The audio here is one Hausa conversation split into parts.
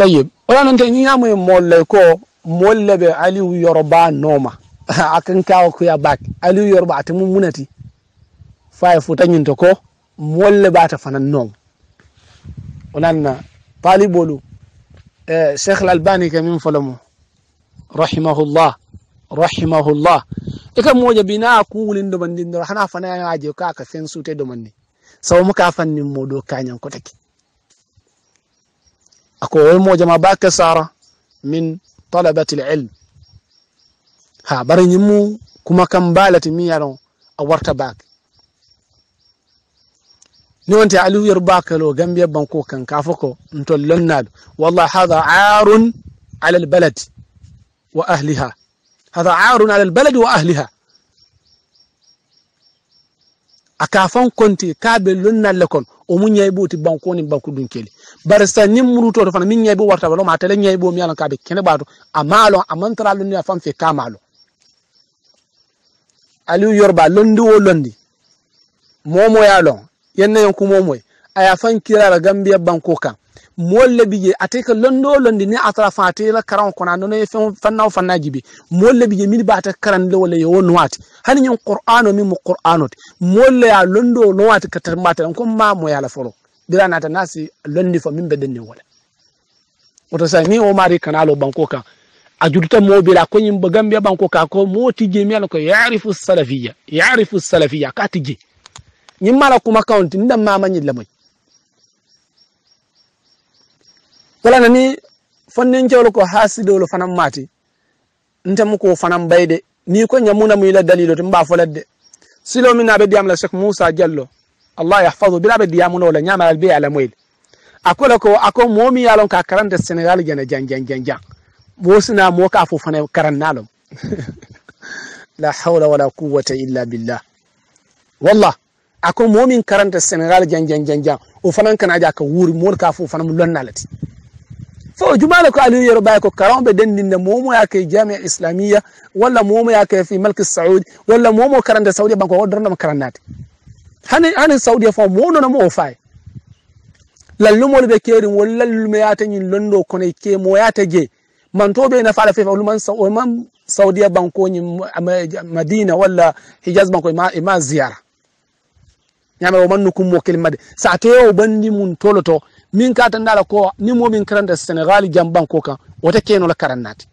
tayib wala nke ni amwe molle ko molle be ali yoruba noma akan kawo ku ya bak ali yoruba ta mummunati fay fu tanyinta ko molle ba ta fanan nom onanna talibolu eh, sheikh al-albani kamin falamu rahimahullah rahimahullah ika moja bina kulin do bandin do hana fana ya ka ka sensu te do manni saw muka fannin modo kanyan ko take akwai moja ma ba kasara min talabatil ilm ha barin mu kuma kan balati mi yaron a warta bak ni wanta alu yar bakalo gambiya banko kan kafako ntollon nad wallahi hada arun ala albalad wa ahliha hada arun ala albalad wa ahliha a kafan konti ka be lonna le kon o mun nyaay boti banko ni banku dun keli bar sa nim muruto do fana min nyaay bo warta wala ma tele nyaay mi alan ka kene bato amalo amantara lonni fam fe kamalo aliu yorba londi wo londi momo ya lon yon ku momo aya fan kira la gambia banko kan moolu le je ate ka londo londi ne a tara ate la karaŋo kono a nono fe fanna fannawo fanna jibi moolu le bi je minnu baata karan wala ye wo nuwaati hani ñiŋ qur'ano mi mu qur'ano ti moolu le ye wati londo nuwaati ka tarimbaata ko ma mo la folo bira naata naa si londi fo min be denni wala o to sa ni o mari kana lo banko kan a jututa mobila bira ko ñiŋ gambiya banko ka ko moti je mi ye ko yarifu salafiyya yarifu salafiyya ka ti je la kuma kaunti ti ma manyi lamoyi kolana ni fonnen kewlo ko haasidolo fanan maati ntemu ko fanan bayde ni ko ñamuna muyila dalilo to mba foladde silo min naɓe diyamla cheikh moussa diallo allah yahfadu biraɓe diyamunola ñamaral be ala moyle akola ko ako momi yalon ka karanta sénégal jana jan jan jan jan bosina mo ka fo fana karannalom la hawla wala quwwata illa billah wallah ako momin karanta sénégal jan jan jan jan o fanan kana ja ka wuri mo ka fo fana mu lonnalati fo jumala ko aliyu yero bay ko karamɓe denndinde momo yake jamia Islamiyya, wala momo yake fi malki saudi wala momo karande saudi banko o dorndema karannade hani hani saudi fo mononamo o faye lallumol ɓe keerin wol lallume yata ñin londo kono ke mo yata jee mantoɓe nafaala fefa oluman saudia banko ñin madina wala hijaz banko ma ziyara nyame o man nukum mo kelimade sa te bandi mun toloto min ka tan dala ko ni mo min karanta senegal jamban ko kan wata keno la karannati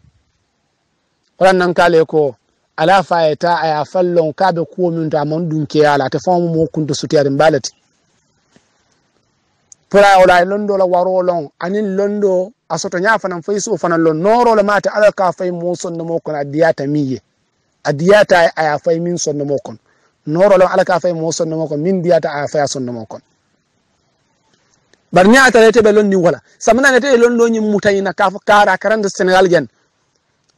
wala nan kale ko ala fayata aya fallon ka be ko min ta man dun ke ala ta famu mo kunta sutiyarin balati pura ola londo la waro long anin londo asoto nya fanan faiso fanan lon noro la mata ala ka fay mo sonno mo kon adiyata miye adiyata aya fay min sonno mo kon نور lam على كافئ fay mo sonno mo kon min diyata a fay sonno mo kon بلون nyaata lete be lonni wala samna lete lonno nyi mutayna ka fo kara karande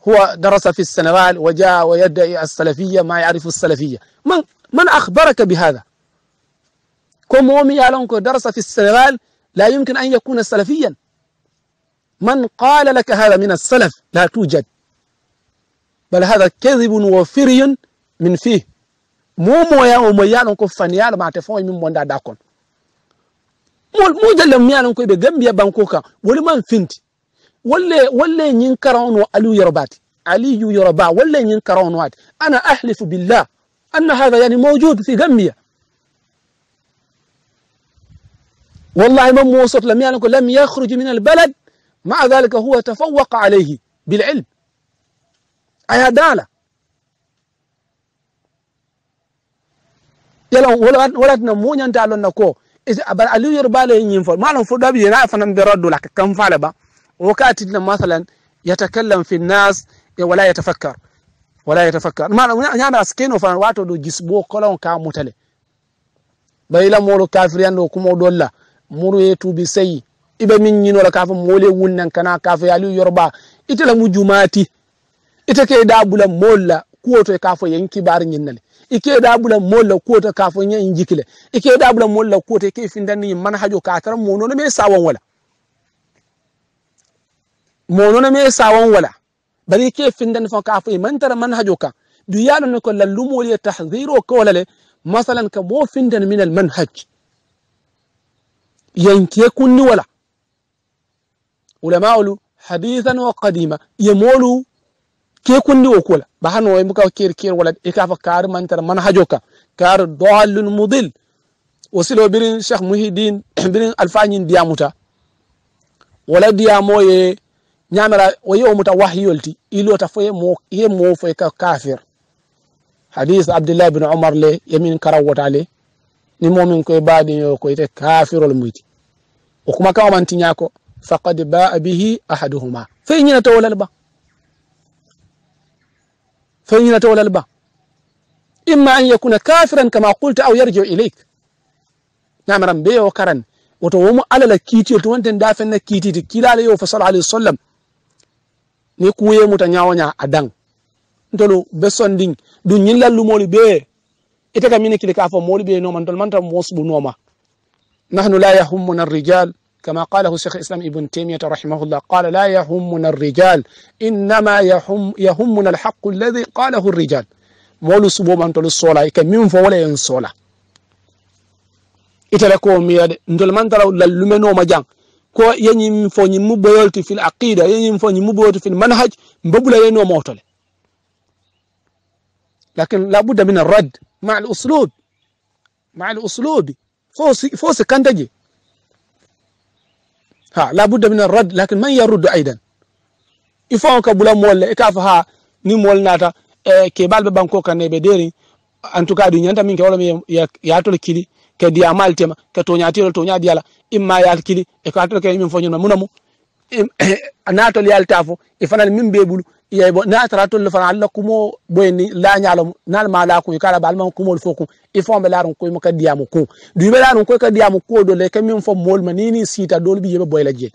هو درس في السنغال وجاء ويدعي السلفية ما يعرف السلفية من من أخبرك بهذا كم ومي ألونكو درس في السنغال لا يمكن أن يكون سلفيا من قال لك هذا من السلف لا توجد بل هذا كذب وفري من فيه mo moya o mo yalon ko faniyalo ma te fon min monda dakon mo mo jalam mi yalon ko be gambia banko ka woli man finti wolle wolle nyin karawno alu yorobati علي يربا ولا ينكرون واد أنا أحلف بالله أن هذا يعني موجود في جمية والله من موصف لم يعني لم يخرج من البلد مع ذلك هو تفوق عليه بالعلم أي عدالة yala wala na mo nyanta lon na ko abar aliyu yar bala yin fo malam fo dabi yana fa nan berado la kan fala ba wakati na masalan yatakallam fi nas e wala yatafakkar wala yatafakkar malam yana skeno fa wato do jisbo kolon ka mutale la moro kafir yando kuma dolla muru ye tubi sayi ibe min nyino la kafa mole wunnan kana kafa aliyu yorba ita mu mujumati ita ke da bula molla kuwoto kafa yanki bar nyinnale ike da bula molla kota kafin yin injikile ike da bula molla kota ke findan ni manhajo ka tar mono ne me sawon wala mono ne me sawon wala bari ike findan fa kafin man tar manhajo ka duyano ne ko lallumo ya tahziru ko wala masalan ka bo findan min al manhaj yanke kunni wala ulama'ul hadithan wa qadima yamolu ke kundi okula ba hano way muka kir kir wala e fa kar mantar manhajoka kar dalun mudil wasilo birin sheikh muhiddin birin alfanyin diamuta wala diamo ye nyamara waye o muta wahyolti ilo ta fo mo ye mo foye ka kafir hadith abdullah ibn umar le yamin karawata le ni momin koy badi yo te kafirul muti o kuma kawamantiñako faqad baa bihi ahaduhuma fey ñina towolal ba فإن تولى البا إما أن يكون كافرا كما قلت أو يرجع إليك نعم رمبي وكرن وتوم على الكيتي وتوانت دافن الكيتي كلا ليو فصل عليه الصلاة ni kuye muta nyawanya adang ntolu besonding du nyilla lumoli be itaka mini kile kafo moli be no man tol man tam mosbu noma nahnu la yahummuna ar-rijal كما قاله شيخ الإسلام ابن تيمية رحمه الله قال لا يهمنا الرجال إنما يهم يهمنا الحق الذي قاله الرجال مولو سبو من تلو الصلاة كمين فولا ينصلا إتلكو مياد ندل من تلو للمنو مجان كو يني fo ñim mu boyolti fil aqida yeñim fo ñim mu boyolti fil لكن لابد من الرد مع الأسلوب مع الأسلوب فوسي فوسي كان تجي ha la budda min ar-radd lakin man yaruddu aidan il faut ka bula molle e ka ha ni molnata e ke balbe banko kan ne be deri en tout cas du nyanta min ke wala ya ya kili ke diamal tema ke to nyati to nyadi ala imma ya kili e ka to ke min fonyo munamu Eh, natol yalta fo e fanal min be bulu e yey bo natara tol fana alla kumo boyni la nyalo nal mala ku kala bal balman kumol fokum e fombe laron ko mo diamu ku du be laron ko diamu ko do le kamin fo mol ma ni ni sita dol bi yebe boyla jeel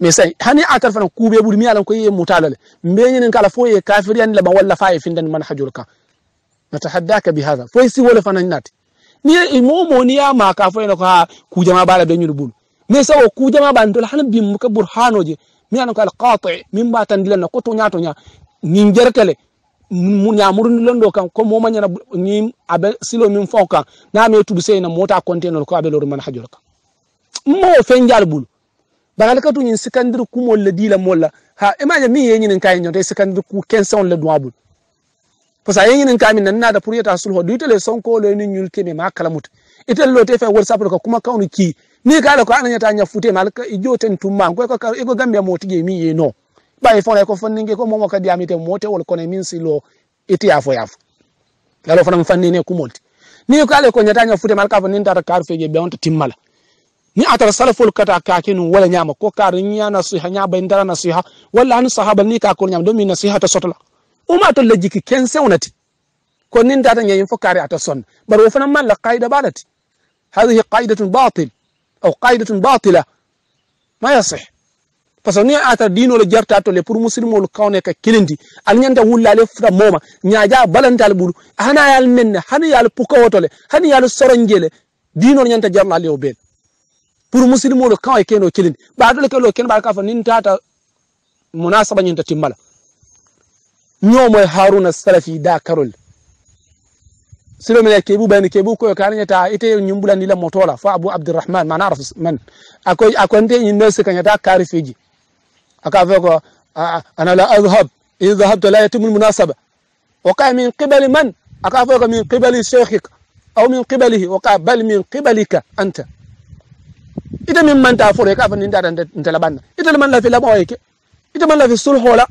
mais say hani atar fana ku be bulu mi alan ko me mutalale mbeñen kala fo ye yan la ma walla fa e findan man ka natahaddaka bi hada fo si wala fana nat ni e momo ni ya ma ka fo eno ka ku jama bala be nyu bulu mesa wo ku jama ban dol han bim ka burhanoje mi an ko qati min ba tan dilan ko to nyato nya ni jerkele mu nyamuru ni londo kan ko mo manyana ni abe silo min fawka na me tubu sey na mota container ko abe man hajol ka mo fenjal bul bagal ka to nyin sikandir ku mo le dila mo ha imanya mi yenyin kan nyote sikandir ku kenson le duwa bul pasa yenyin kan min nan na da puriyata sulho du tele son ko le ni nyul kebe ma kalamut itel lo te fe whatsapp ko kuma kauni ki ni kala ko ananya nya fute malaka ijoten tumman ko ko ko gambia moti ge mi yeno bay fona ko fanni ge ko momo kadi amite mote wol ne min silo iti afo yafo lalo fona fanni ne kumolti ni kala ko nya fute ni ta ndata kar fege be onta timmala ni atara salaful kata ka kakinu wala nyama ko kar nya nasiha nya ba ndara siha wala an sahaba ni ka ko nyam do mi siha ta sotla uma to lejiki kense onati ko nin data nyayin fo kare ata son bar wo fana man la qaida balati hadhihi qaidatun batil أو قاعدة باطلة ما يصح parce que ni ata dino le jarta to le pour muslimo le kawne ka kilindi al nyanda wulla le fra moma nyaaja balantal bulu hana yal men hana yal pukawoto le hana yal soronjele dino nyanta jarna le obel pour muslimo le kawne keno kilindi ba do le kelo ken ba ka fa nin tata munasaba nyanta timmala nyomo haruna salafi da karol silo mene kebu bani kebu ko kan nyata ite nyumbula ndila motola fa abu abdurrahman man araf man akoy akonte nyi nese kanyata kari fiji akafa ko ana la azhab in dhahabta la yatimul munasaba وقع من قبل من أكافئك من قبل شيخك أو من قبله وقع بل من قبلك أنت إذا من من تافور يكاف أن أنت لبنا إذا من لا في لبويك إذا من لا في الصلح ولا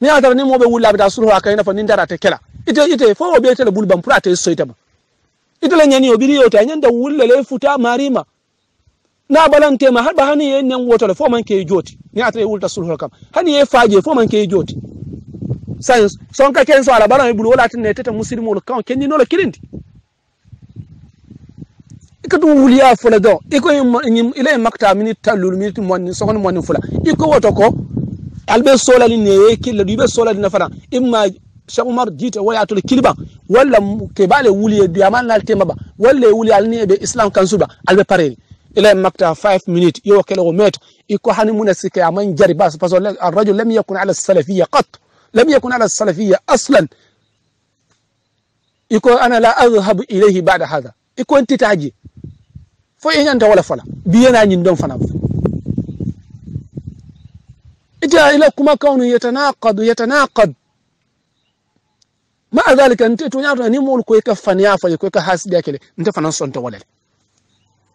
ni a tara ni mo be wulla be da sulhu akaina fa ni ndara te kela ite ite fo obi bulban pura ɓeytele soita ba ate soytama nyani obi yo ta yewta wulle le futa marima na balante balantema haɗa hani ye nen wotole fo man ke joti ni atale wulta sulhul kam hani e faje fo man ke joti sans ka ken so ala balan e ɓuuri wala ne teta muslimul kan ken ni no kenndinolo kilindi ikatu wuliya fula do iko ile makta mini talul mini mɔni sɔgɔni mɔni fula iko wɔtɔ ko albe solali ne la ni nɛɛ solali na fara imma cheikh umar jita waya tol kiliba wala ke bale wuli e duyamal nal tema ba wuli alni ɓe islam kan suba alɓe pareni ila makta 5 minutes yo kele o meto iko hani muna sike aman jari bas parce que الرجل لم يكن salafiyya qat قط yakun ala على السلفيه اصلا iko ana la adhhab ilayhi ba'da hadha iko enti taji fo e wala fala biyana nyin don fana ita ila kuma kaunu يتناقض yatanaqad ma dhalika nte to nyaato ni mol ko ka fani afa ko ka hasbi akele nte fanan son walale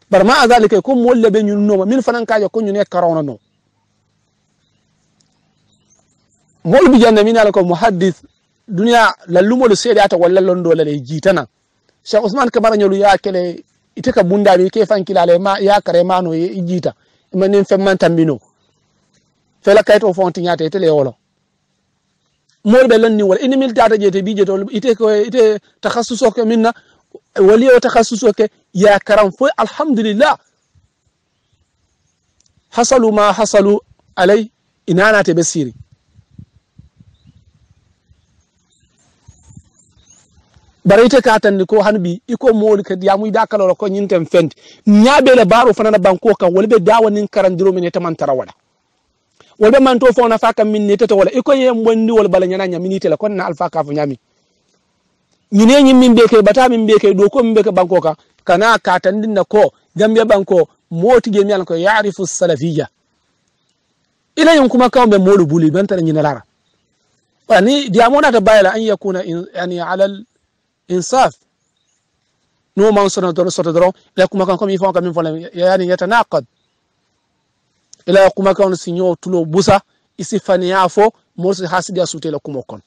bar ma dhalika ko mol be nyun no min fanan ka ko nyune karona no mol bi janna min ala ko muhaddith dunya lallumol seede ata walla londo lale jitana cheikh usman kabara nyolu ya kele ite ka bunda bi ke fankilale ma ya kare mano jita manin femman tambino fela kayto fonti nyaate tele wolo moolu ɓe lanni wala ini mil tata je bi je to ite ko ite takhassuso ke na wali o takhassuso ke ya karam fo alhamdulillah hasalu ma hasalu alay inanate ɓe siri bara ite ka tanni ko han bi iko moolu kadi yamuy da kaloro ko ñinten fenti ñaaɓele baaro fanana banko kan wala nin dawanin karandiromin hetaman tara wala. wol ɓe man to fowna faka kam min nitete wala iko ye wala bala ni tele kon na alpha nyami ni ne ñin min beke bata min beke do ko min banko ka kana ka tandin na ko Gambe banko moti gemi alan ko yarifu salafiyya ila yum kuma kawo be molu buli ban tan nyina lara wala ni ta bayla an yakuna yani alal insaf no man sona doro sota doro ila kuma kan comme il faut ka min fola yani yatanaqad ila kan siɲɔw tulo busa i si faniya fo mori sutela kuma kono